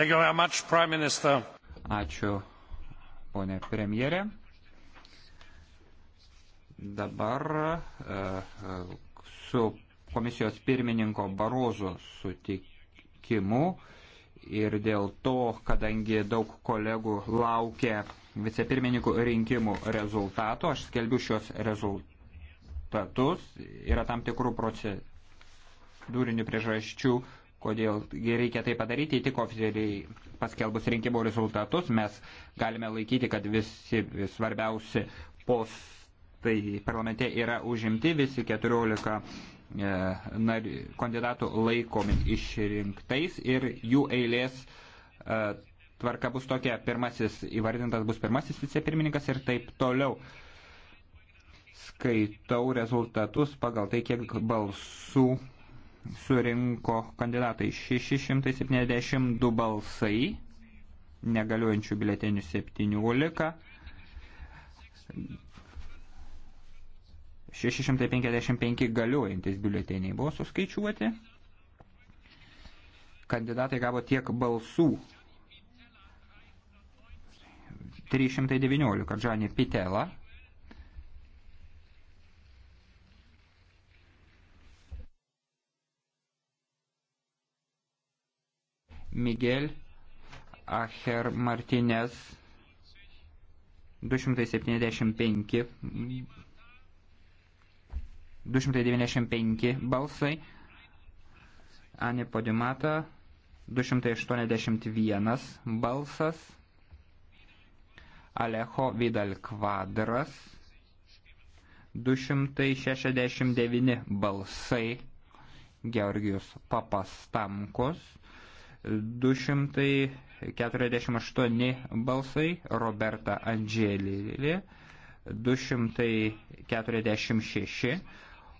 Much, Ačiū, ponė premjerė. Dabar e, su komisijos pirmininko Barozo sutikimu ir dėl to, kadangi daug kolegų laukia vicepirmininkų rinkimų rezultato, aš skelbiu šios rezultatus. Yra tam tikrų procedūrinių priežasčių kodėl reikia tai padaryti, tik oficialiai paskelbus rinkimų rezultatus mes galime laikyti, kad visi svarbiausi postai parlamente yra užimti, visi 14 e, nar, kandidatų laikomi išrinktais ir jų eilės e, tvarka bus tokia, pirmasis įvardintas bus pirmasis vicepirmininkas ir taip toliau skaitau rezultatus pagal tai, kiek balsų surinko kandidatai 672 balsai, negaliuojančių biletinių 17, 655 galiuojantis biuleteniai buvo suskaičiuoti. Kandidatai gavo tiek balsų. 319 Džani Pitela, Miguel Acher Martinez 275 295 balsai Ani Podimata 281 balsas Alejo Vidal Kvadras 269 balsai Georgijus Papastamkos 248 balsai Roberta Andželėlė, 246,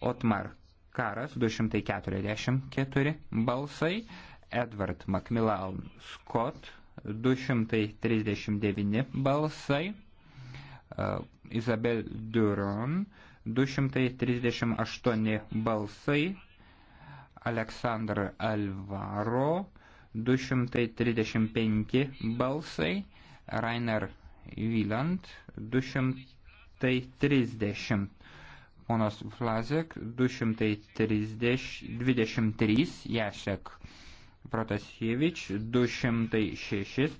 Otmar Karas 244 balsai, Edward Macmillan Scott 239 balsai, uh, Isabel Duron 238 balsai, Aleksandr Alvaro 235 balsai, Rainer Vyland 230, ponas Vlazek 223, Jašek Protasievič 206,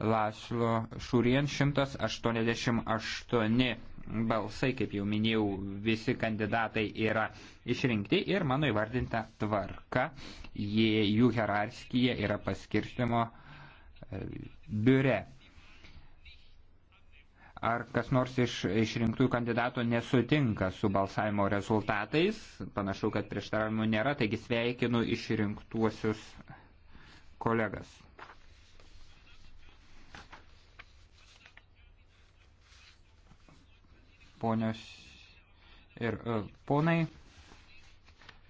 Laslo Šurien 188 balsai, kaip jau minėjau, visi kandidatai yra išrinkti ir mano įvardinta tvarka, jie, jų hierarchija yra paskirstimo e, biure. Ar kas nors iš išrinktųjų kandidatų nesutinka su balsavimo rezultatais? Panašu, kad prieštaravimų nėra, taigi sveikinu išrinktuosius kolegas. ponios ir e, ponai.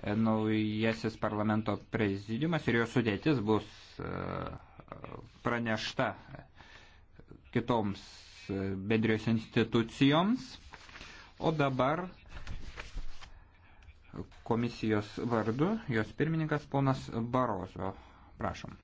E, naujasis parlamento prezidiumas ir jo sudėtis bus e, pranešta kitoms bendrijos institucijoms. O dabar komisijos vardu jos pirmininkas ponas Barozo. Prašom.